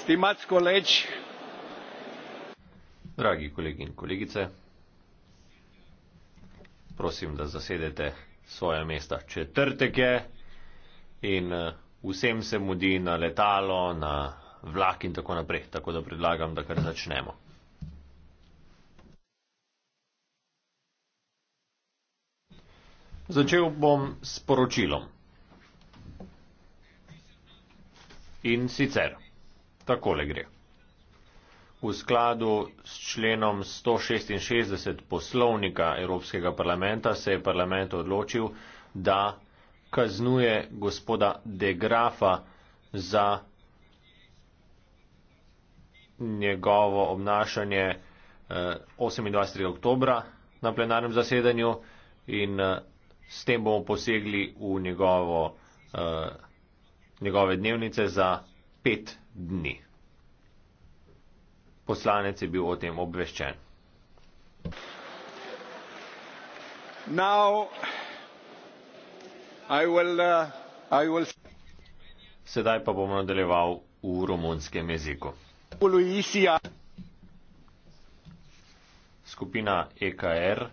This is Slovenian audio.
Stimați colegi, dragi colegi in colegice, prosim da zasedete svoja mesta četrtek je in eh, vsem se mudi na letalo, na vlak in tako naprej, tako da predlagam, da kar začnemo. Začel bom s poročilom. In sicer takole gre. V skladu s členom 166 poslovnika Evropskega parlamenta se je parlament odločil, da kaznuje gospoda De Grafa za njegovo obnašanje 28. Eh, oktober na plenarnem zasedanju in eh, s tem bomo posegli v njegovo, eh, njegove dnevnice za pet dni. Poslanec je bil o tem obveščen. Now, will, uh, will... Sedaj pa bom nadaljeval v romunskem jeziku. Skupina EKR